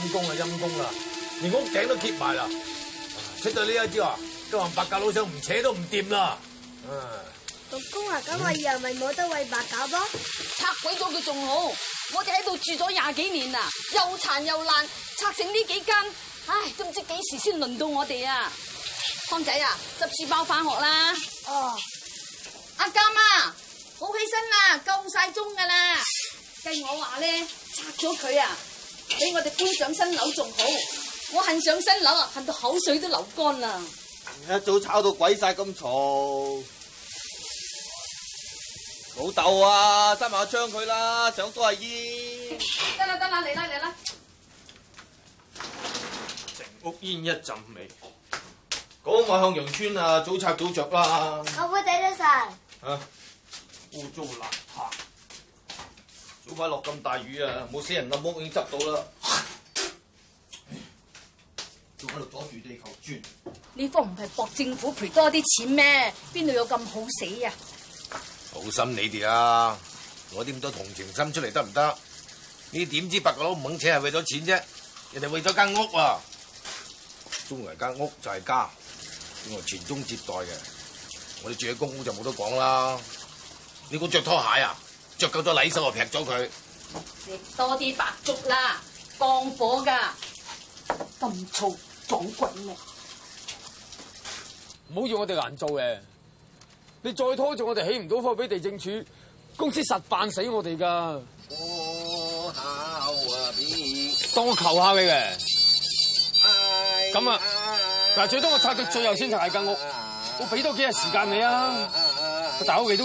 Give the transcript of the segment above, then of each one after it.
陰公啊，陰公啦，連屋頂都揭埋啦，出到呢一招，今話白鴿佬想唔扯都唔掂啦。嗯，老公啊，咁我又咪冇得餵白鴿咯？拆鬼咗佢仲好，我哋喺度住咗廿幾年啦，又殘又爛，拆成呢幾間，唉，都唔知幾時先輪到我哋啊！康仔啊，執書包翻學啦！哦，阿金啊，好起身啦，夠晒鐘噶啦，計我話咧，拆咗佢啊！畀我哋搬上新樓仲好，我恨上新樓啊，恨到口水都流乾啦！一早炒到鬼晒咁嘈，老豆啊，閂埋個窗佢啦，想多阿姨。得啦得啦，嚟啦嚟啦。成屋煙一陣味，趕埋向陽村啊，早拆早著啦。我妹仔都細。吓，污糟邋遢。好快落咁大雨啊！冇死人冧屋，已經執到啦。仲喺度阻住地球轉？呢方唔係博政府賠多啲錢咩？邊度有咁好死啊？好心你哋啊！攞啲咁多同情心出嚟得唔得？你點知白鬼佬唔肯扯係為咗錢啫？人哋為咗間屋啊！中國人間屋就係家，我傳宗接代嘅。我哋住喺公屋就冇得講啦。你估着拖鞋啊？着夠多禮手我劈咗佢。食多啲白粥啦，降火噶。咁燥，撞鬼咩？唔好要我哋難做嘅。你再拖住我哋起唔到鋪俾地政處，公司實辦死我哋噶。當我求下你嘅。咁啊，嗱，最多我拆到最後先拆嗰間屋。我俾多幾日時間你啊。大屋企都。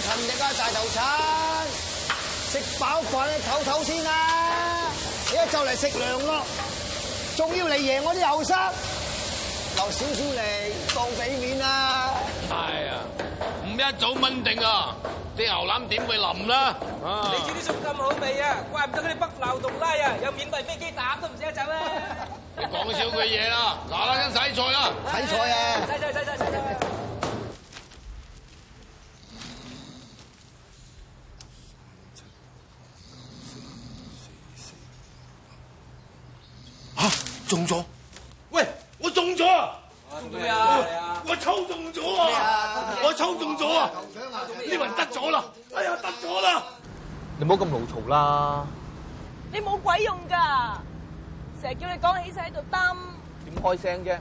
勤力啊，大頭鏟！食飽飯唞唞先啦，你一就嚟食涼咯，仲要嚟贏我啲後生，留少少嚟當俾面啦。係啊，唔一早炆定啊，啲牛腩點會腍啦？你煮啲餸咁好味啊，怪唔得佢哋北流獨拉啊，有免費飛機搭都唔捨得走啦。你講少句嘢啦，嗱喇聲洗菜啦，洗菜啊！中咗！喂，我中咗！中咗咩啊？我抽中咗啊！我抽中咗啊！你唔得咗啦！哎呀，得咗啦！你唔好咁嘮嘈啦！你冇鬼用噶，成日叫你講起晒喺度，點開聲啫。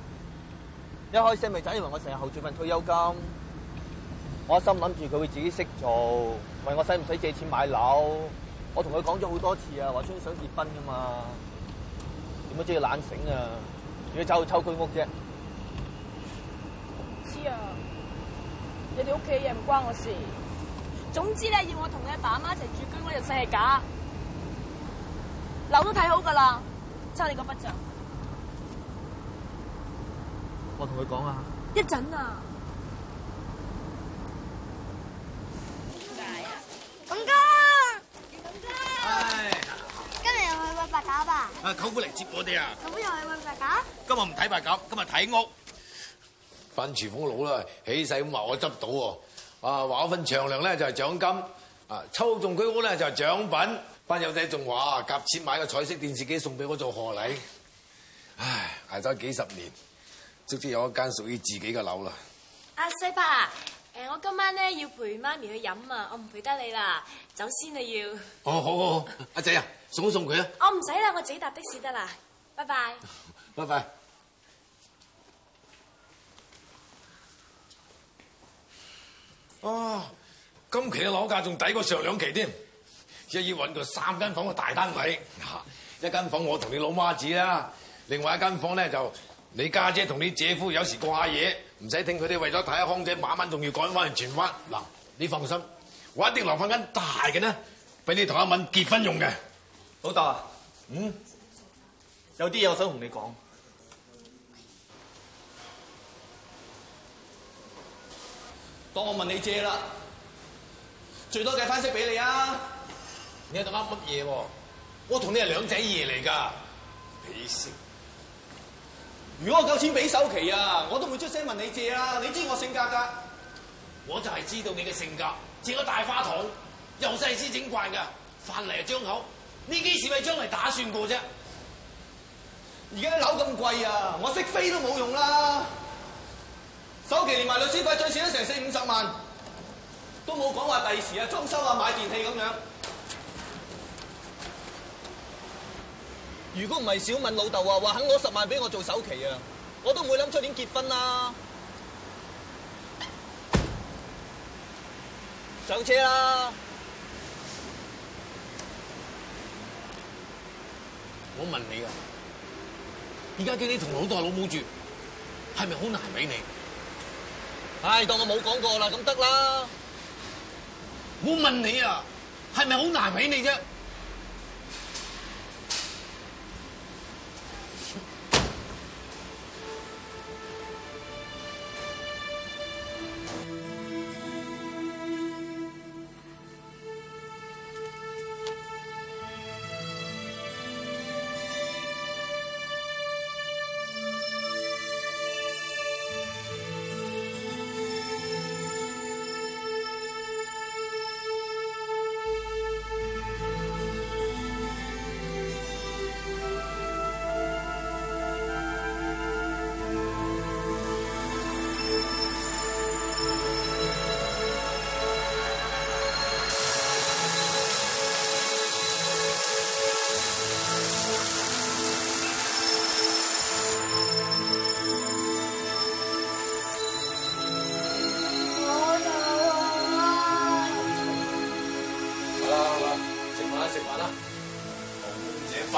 一開聲咪真以為我成日後住份退休金。我一心諗住佢會自己識做，問我使唔使借錢買樓。我同佢講咗好多次啊，話想結婚噶嘛。點解知要懶醒啊？你解抽去抽居屋啫？唔知啊！你哋屋企嘢唔關我事。總之咧，要我同你阿爸阿媽一齊住居屋又細係假樓看。樓都睇好噶啦，揸你個筆咋。我同佢講啊。一陣啊！阿舅父嚟接我哋啊！舅父又係搵白狗。今日唔睇白鴿，今日睇屋。班廚房佬啦，起勢咁話我執到喎。啊，話我份長糧咧就係獎金。啊，抽中居屋咧就係獎品。班友仔仲話夾錢買個彩色電視機送俾我做賀禮。唉，挨咗幾十年，卒之有一間屬於自己嘅樓啦。阿叔伯。誒，我今晚咧要陪媽咪去飲啊，我唔陪得你啦，先走先啊要。哦，好好好，阿仔啊，送都送佢啊。我唔使啦，我自己搭的士得啦，拜拜。拜拜。哦、啊，今期嘅樓價仲抵過上兩期添，一要揾到三間房嘅大單位，一間房我同你老媽子啦，另外一間房咧就。你家姐同你姐夫有時過下夜，唔使聽佢哋為咗睇下康姐，晚晚仲要趕翻去荃灣。嗱，你放心，我一定留翻間大嘅呢，俾你同阿敏結婚用嘅。老豆啊，嗯，有啲嘢我想同你講。當我問你借啦，最多計翻息俾你啊！你喺度噏乜嘢喎？我同你係兩仔爺嚟㗎。你識？如果我夠錢俾首期啊，我都會出聲問你借啊！你知我性格㗎，我就係知道你嘅性格，借個大花筒又細枝整慣㗎，返嚟就張口。呢幾時咪將嚟打算過啫？而家樓咁貴啊，我識飛都冇用啦。首期連埋律師費最少都成四五十萬，都冇講話第時啊裝修啊買電器咁、啊、樣。如果唔係小敏老豆話話肯攞十萬俾我做首期啊，我都唔會諗出年結婚啦。上車啦！我問你啊，而家叫你同老豆老母住，係咪好難為你？唉、哎，當我冇講過啦，咁得啦。我問你啊，係咪好難為你啫？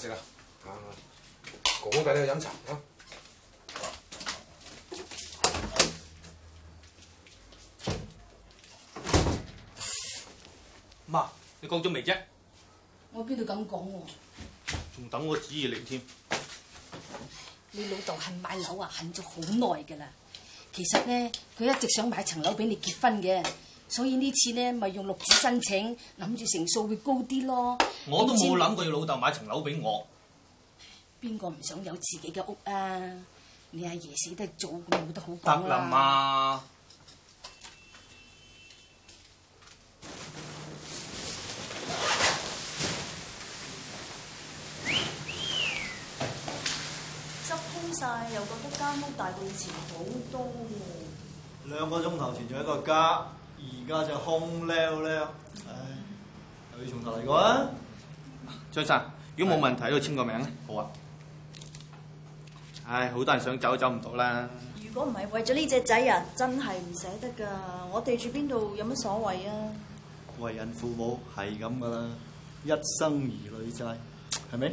食啦，阿公帶你去飲茶啊！媽，你講咗未啫？我邊度敢講喎？仲等我旨意嚟添？你老豆係買樓啊，恨咗好耐噶啦。其實呢，佢一直想買層樓俾你結婚嘅。所以呢次咧，咪用六紙申請，諗住成數會高啲咯。我都冇諗過要老豆買層樓俾我。邊個唔想有自己嘅屋啊？你阿爺死得早，咁冇得好講啦、啊。得啦嘛，執空晒又覺得間屋大過以前好多喎、啊。兩個鐘頭前仲有一個家。而家就空溜溜，唉，又要重頭嚟過啊！張生，如果冇問題，都要簽個名咧，好啊！唉，好多人想走都走唔到啦。如果唔係為咗呢隻仔啊，真係唔捨得㗎。我哋住邊度有乜所謂啊？為人父母係咁㗎啦，一生兒女債，係咪？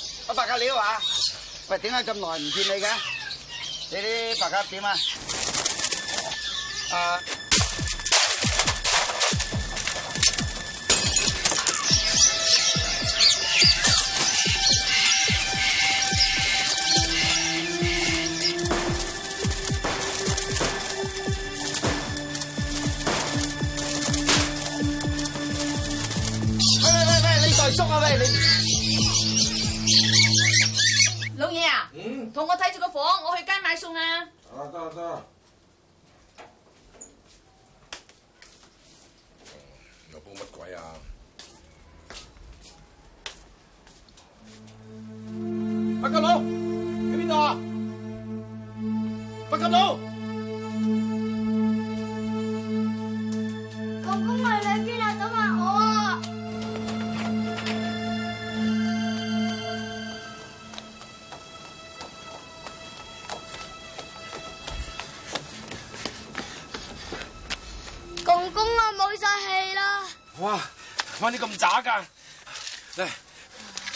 阿白鴿鳥啊！喂，點解咁耐唔見你嘅？你啲白鴿點啊？誒！喂喂喂喂，你大叔啊喂你！我睇住個房，我去街買餸啊，行吧，行吧！啊，得啊，得有冇乜鬼啊！阿金佬。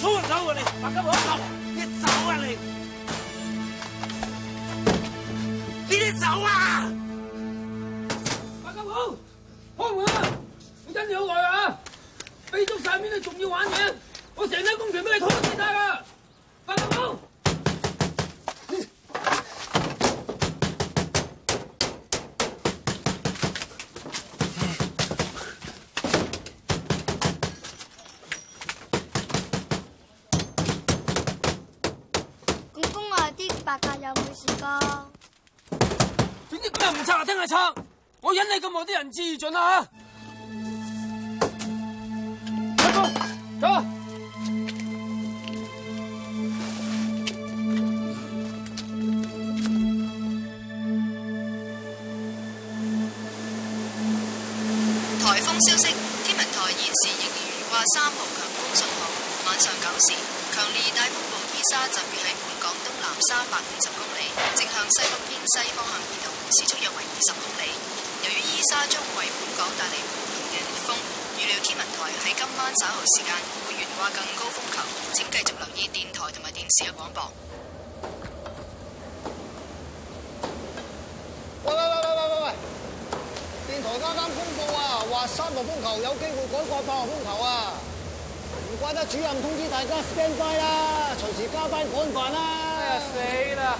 拖走我，啊啊，你，白金寶，你走啊你，你走啊！白金寶，開門啊！我跟你好耐啊，被捉晒面你仲要玩嘢，啊？我成間工廠俾你拖死晒噶，白金寶！點知今日唔拆，聽日拆？我忍你咁耐，啲人知唔盡啦吓！走！走！台風消息，天文台現時仍然懸掛三號強風信號。晚上九時，強烈台風伊沙集結喺本港東南三百五十。向西北偏西方向移動，時速約為二十公里。由於伊莎將為本港帶嚟不同嘅烈風，預料天文台喺今晚稍後時間會懸掛更高風球。請繼續留意電台同埋電視嘅廣播。喂喂喂喂喂喂！電台啱啱公佈啊，話三號風球有機會改掛八號風球啊！唔怪得主任通知大家 standby 啦，隨時加班趕辦啦。哎呀，死啦！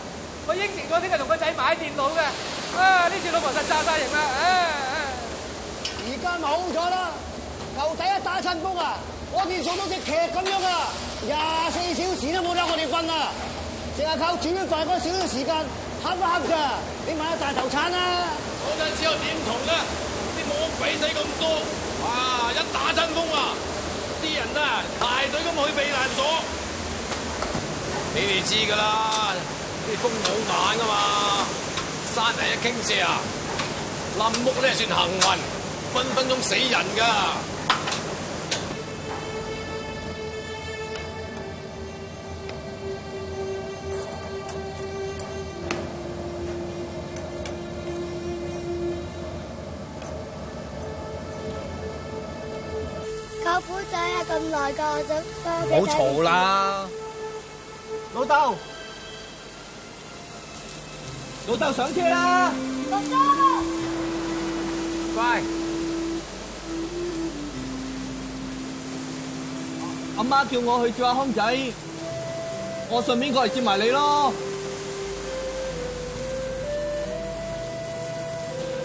我應承咗聽日同個仔買電腦嘅，啊！呢次老婆實炸曬型啦，唉！而家冇咗啦，牛仔一打親風啊，我哋做到隻鵲咁樣啊，廿四小時都冇得我哋瞓啊，淨係靠轉咗大個少少時間，黑都黑㗎，你買咗大頭產啦！嗰陣只有點同咧？啲網鬼死咁多，啊一打親風啊，啲人啊排隊咁去避難所，你哋知㗎啦。啲風好猛噶嘛，山泥一傾瀉啊，冧屋咧，算幸運，分分鐘死人噶。舅父仔啊咁耐個，就多謝你。唔好嘈啦，老豆！老豆，上車啦，老豆，乖。阿媽叫我去接阿康仔，我順便過嚟接埋你咯。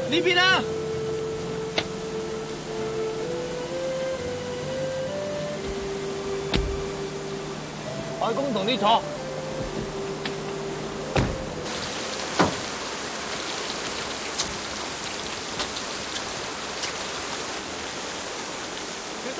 呢邊啊，外公同你坐。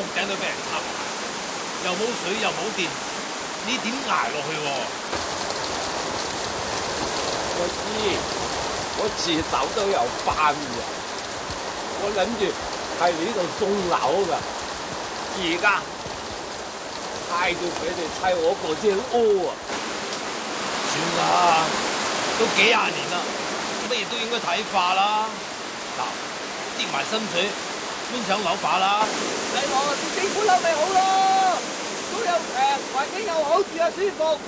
頂都俾人拆，又冇水又冇電，你點挨落去？我知，我自首都有八年，我諗住喺呢度送樓噶，而家睇到佢哋拆我嗰間屋啊，算啦，都幾廿年啦，乜嘢都應該睇化啦，嗱，跌埋心水搬上樓把啦。你話住政府樓咪好咯？都有平，環境又好，住又舒服。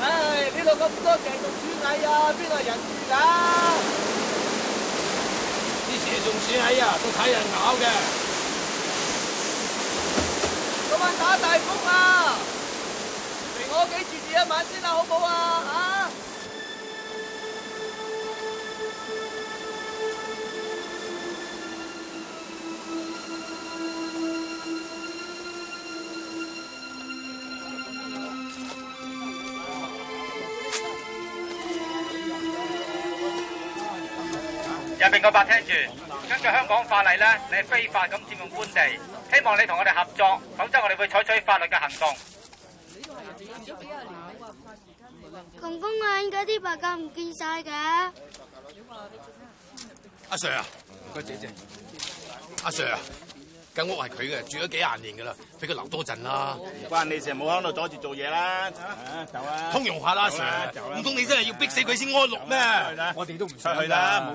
唉，呢度咁多蛇蟲鼠蟻啊？邊度人住噶？啲蛇蟲鼠蟻啊，都睇人搞嘅。今晚打大風啊！嚟我屋企住住一晚先啦，好唔好啊？吓！入邊個伯聽住，根據香港法例咧，你非法咁佔用官地，希望你同我哋合作，否則我哋會採取法律嘅行動。公公啊，依家啲白鴿唔見晒㗎。阿 Sir 啊，唔該，謝謝。阿 Sir 啊，間屋係佢嘅，住咗幾廿年噶啦，俾佢留多陣啦。關你事，冇響度阻住做嘢啦。啊，走啊！通融下啦，Sir。唔通你真係要逼死佢先安樂咩？我哋都唔想去啦。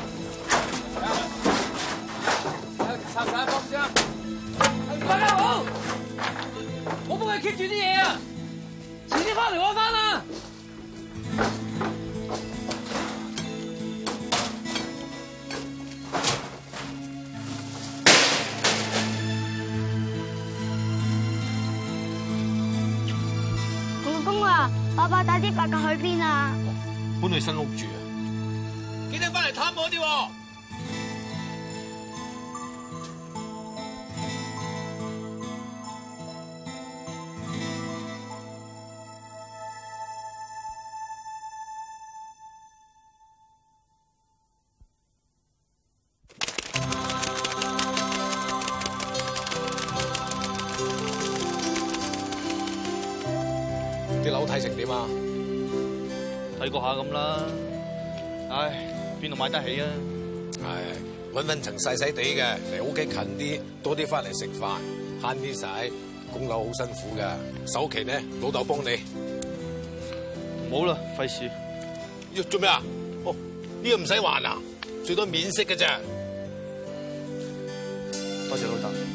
爸爸帶啲白鴿去邊啊？搬去新屋住啊！記得翻嚟探我啲咁啦，唉，邊度買得起啊？唉，搵搵層細細地嘅，離屋企近啲，多啲翻嚟食飯，慳啲使，供樓好辛苦噶。首期呢，老豆幫你，唔好啦，費事。要做咩啊？哦，呢個唔使還啊，最多免息㗎啫。多謝老豆。